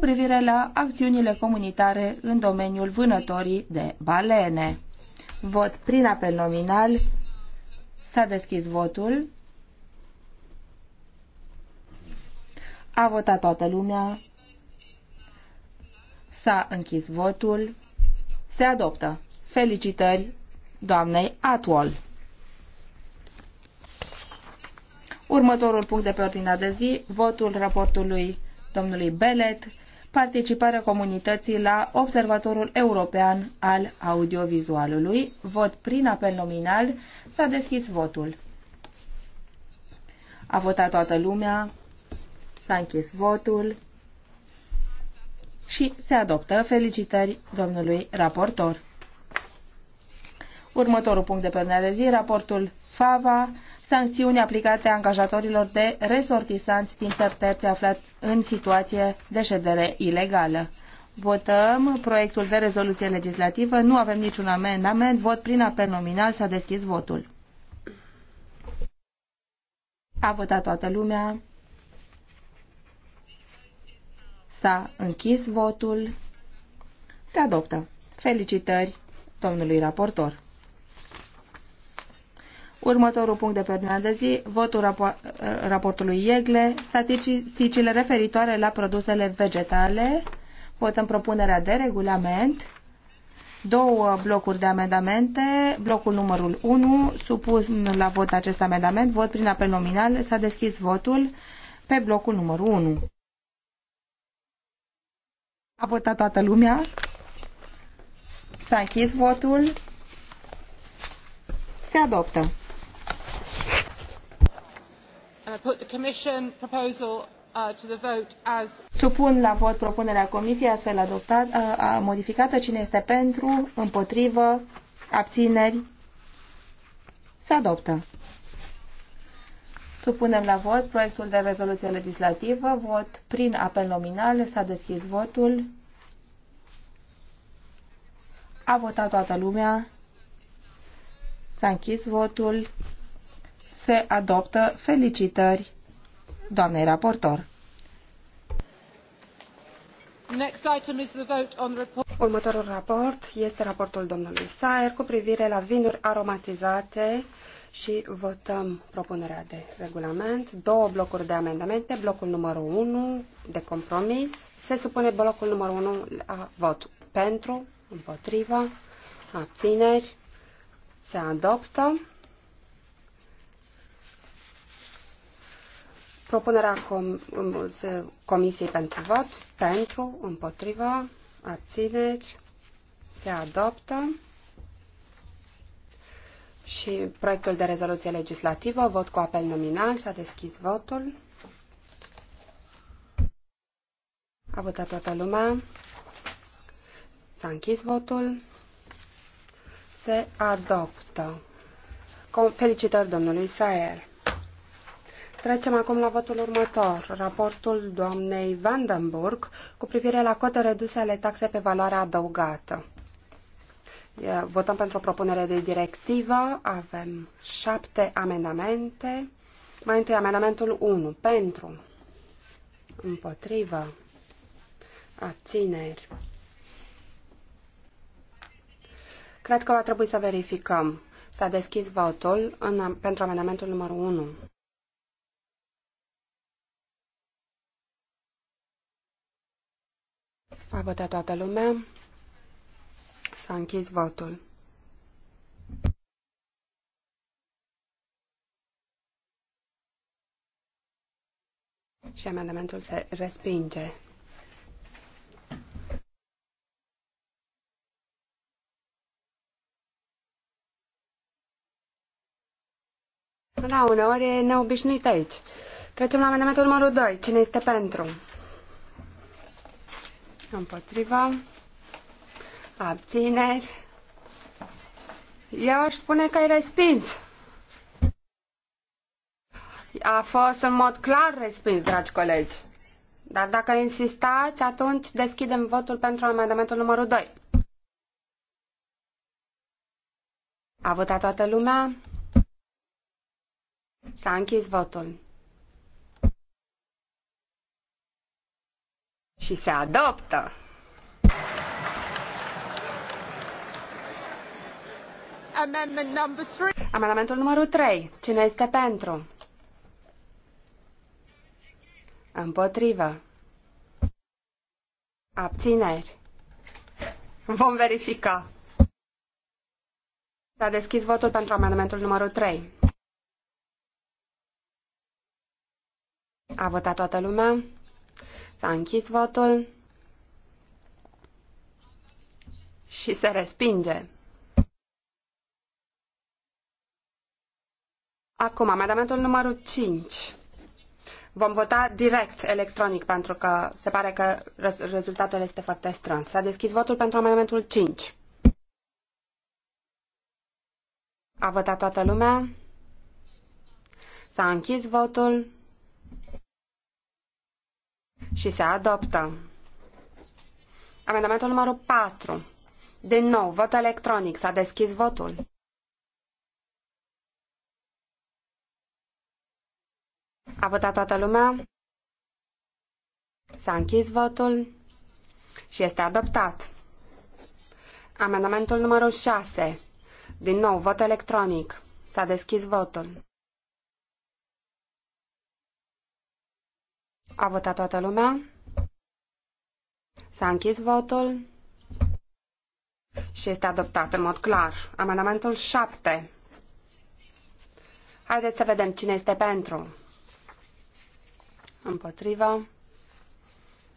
privire la acțiunile comunitare în domeniul vânătorii de balene. Vot prin apel nominal. S-a deschis votul. A votat toată lumea. S-a închis votul. Se adoptă. Felicitări doamnei Atwell. Următorul punct de pe ordinea de zi, votul raportului domnului Belet participarea comunității la Observatorul European al Audiovizualului. Vot prin apel nominal. S-a deschis votul. A votat toată lumea. S-a închis votul. Și se adoptă. Felicitări domnului raportor. Următorul punct de pe de zi, raportul FAVA, sancțiuni aplicate angajatorilor de resortisanți din țări terțe aflat în situație de ședere ilegală. Votăm proiectul de rezoluție legislativă. Nu avem niciun amendament. Vot prin apel nominal. S-a deschis votul. A votat toată lumea. S-a închis votul. Se adoptă. Felicitări domnului raportor. Următorul punct de pe ordinea de zi, votul rapo raportului Iegle, statisticile referitoare la produsele vegetale. Votăm propunerea de regulament. Două blocuri de amendamente. Blocul numărul 1, supus la vot acest amendament, vot prin apel nominal, s-a deschis votul pe blocul numărul 1. A votat toată lumea. S-a închis votul. Se adoptă. Supun la vot propunerea Comisiei astfel adoptată, modificată. Cine este pentru, împotrivă, abțineri? Se adoptă. Supunem la vot proiectul de rezoluție legislativă. Vot prin apel nominal. S-a deschis votul. A votat toată lumea. S-a închis votul se adoptă. Felicitări doamnei raportor. Next item is the vote on the report. Următorul raport este raportul domnului Saer cu privire la vinuri aromatizate și votăm propunerea de regulament. Două blocuri de amendamente, blocul numărul 1 de compromis. Se supune blocul numărul 1 la vot pentru, împotriva, abțineri, se adoptă. Propunerea com Comisiei pentru vot, pentru, împotriva, abțineți, se adoptă. Și proiectul de rezoluție legislativă, vot cu apel nominal, s-a deschis votul. A votat toată lumea. S-a închis votul. Se adoptă. Felicitări domnului Saer. Trecem acum la votul următor, raportul doamnei Vandenburg cu privire la cote reduse ale taxe pe valoare adăugată. Votăm pentru o propunere de directivă, avem șapte amendamente. Mai întâi amendamentul 1, pentru, împotrivă, abțineri. Cred că va trebui să verificăm. S-a deschis votul în, pentru amendamentul numărul 1. A votat toată lumea. S-a închis votul. Și amendamentul se respinge. Da, uneori e neobișnuit aici. Trecem la amendamentul numărul 2. Cine este pentru? Împotriva. Abțineri. Eu aș spune că ai respins. A fost în mod clar respins, dragi colegi. Dar dacă insistați, atunci deschidem votul pentru amendamentul numărul 2. A votat toată lumea? S-a închis votul. și se adoptă. Amendamentul numărul 3. Cine este pentru? Împotrivă. Abțineri. Vom verifica. S-a deschis votul pentru amendamentul numărul 3. A votat toată lumea. S-a închis votul și se respinge. Acum, amendamentul numărul 5. Vom vota direct electronic pentru că se pare că rezultatul este foarte strâns. S-a deschis votul pentru amendamentul 5. A votat toată lumea. S-a închis votul și se adoptă. Amendamentul numărul 4. Din nou, vot electronic. S-a deschis votul. A votat toată lumea? S-a închis votul și este adoptat. Amendamentul numărul 6. Din nou, vot electronic. S-a deschis votul. A votat toată lumea? S-a închis votul și este adoptat în mod clar. Amendamentul 7. Haideți să vedem cine este pentru. Împotrivă.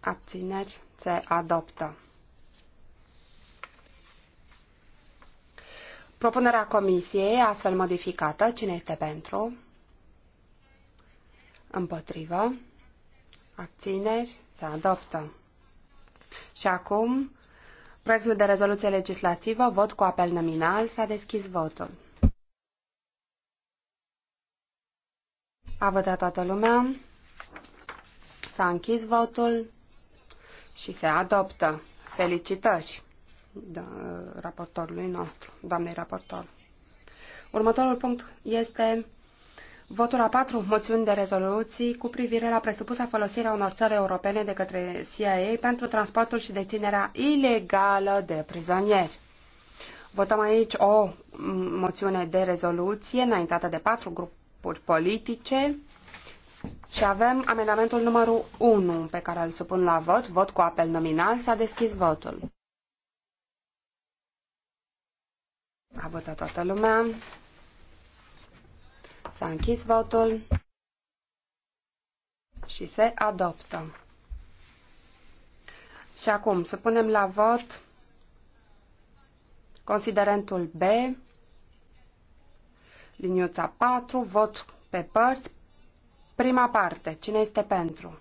Abțineri. Se adoptă. Propunerea comisiei astfel modificată. Cine este pentru? Împotrivă abțineri, se adoptă. Și acum, proiectul de rezoluție legislativă, vot cu apel nominal, s-a deschis votul. A votat toată lumea, s-a închis votul și se adoptă. Felicitări da, raportorului nostru, doamnei raportor. Următorul punct este Votul a patru moțiuni de rezoluții cu privire la presupusa folosirea unor țări europene de către CIA pentru transportul și deținerea ilegală de prizonieri. Votăm aici o moțiune de rezoluție înaintată de patru grupuri politice și avem amendamentul numărul 1 pe care îl supun la vot. Vot cu apel nominal. S-a deschis votul. A votat toată lumea. S-a închis votul și se adoptă. Și acum să punem la vot considerentul B, liniuța 4, vot pe părți, prima parte, cine este pentru?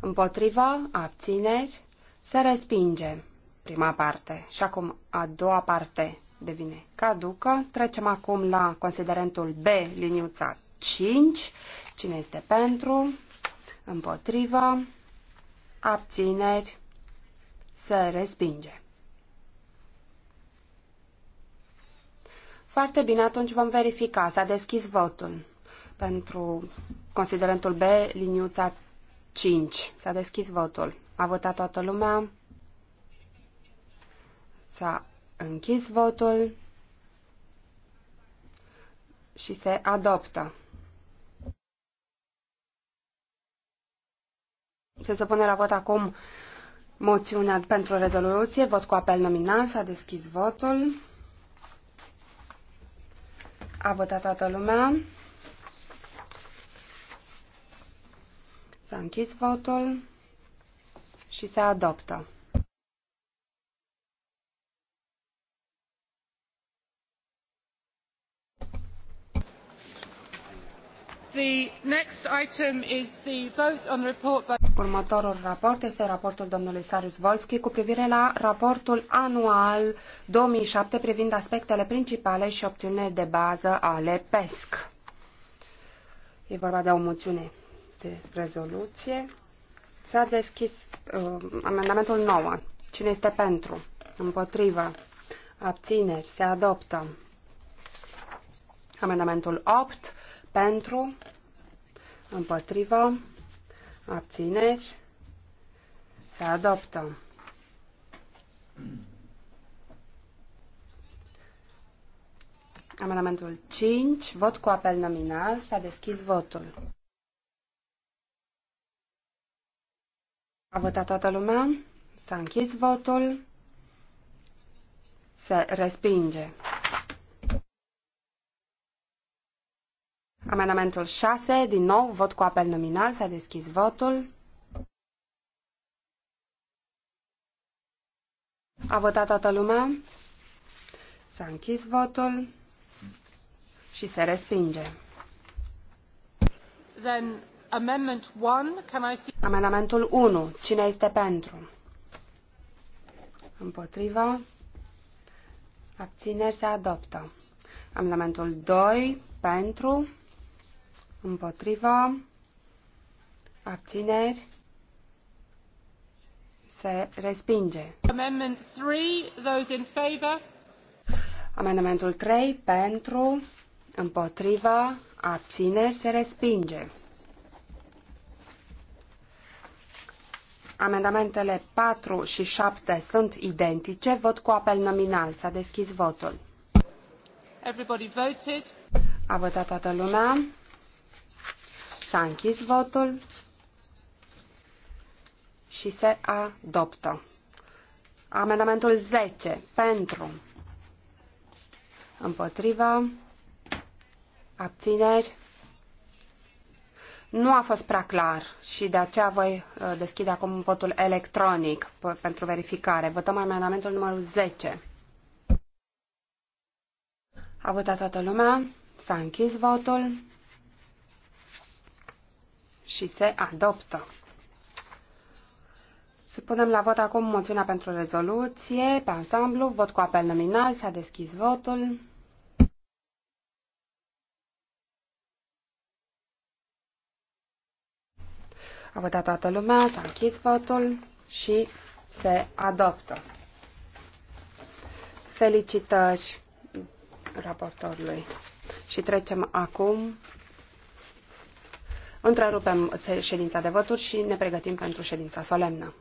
Împotriva, abțineri, se respinge prima parte. Și acum a doua parte, devine caducă. Trecem acum la considerentul B, liniuța 5. Cine este pentru? Împotrivă? Abțineri? Se respinge. Foarte bine, atunci vom verifica. S-a deschis votul pentru considerentul B, liniuța 5. S-a deschis votul. A votat toată lumea. S-a Închis votul și se adoptă. Se să pune la vot acum moțiunea pentru rezoluție. Vot cu apel nominal. S-a deschis votul. A votat toată lumea. S-a închis votul și se adoptă. Următorul raport este raportul domnului saryusz Volski cu privire la raportul anual 2007 privind aspectele principale și opțiunile de bază ale PESC. E vorba de o moțiune de rezoluție. S-a deschis uh, amendamentul 9. Cine este pentru? Împotrivă? Abțineri? Se adoptă. Amendamentul 8 pentru, împotrivă, abțineri, se adoptă. Amendamentul 5, vot cu apel nominal, s-a deschis votul. A votat toată lumea, s-a închis votul, se respinge. Amendamentul 6, din nou, vot cu apel nominal, s-a deschis votul. A votat toată lumea. S-a închis votul și se respinge. Then, amendment one, can I see... Amendamentul 1. Cine este pentru? Împotriva. Abțineri se adoptă. Amendamentul 2. Pentru împotriva, abțineri, se respinge. Amendment 3, those in favor. Amendamentul 3, pentru, împotriva, abțineri, se respinge. Amendamentele 4 și 7 sunt identice. Vot cu apel nominal. S-a deschis votul. Everybody voted. A votat toată lumea. S-a închis votul și se adoptă. Amendamentul 10. Pentru. Împotrivă. Abțineri. Nu a fost prea clar și de aceea voi uh, deschide acum votul electronic pentru verificare. Votăm amendamentul numărul 10. A votat toată lumea. S-a închis votul și se adoptă. Să punem la vot acum moțiunea pentru rezoluție, pe ansamblu, vot cu apel nominal, s-a deschis votul. A votat toată lumea, s-a închis votul și se adoptă. Felicitări raportorului. Și trecem acum Întrerupem ședința de voturi și ne pregătim pentru ședința solemnă.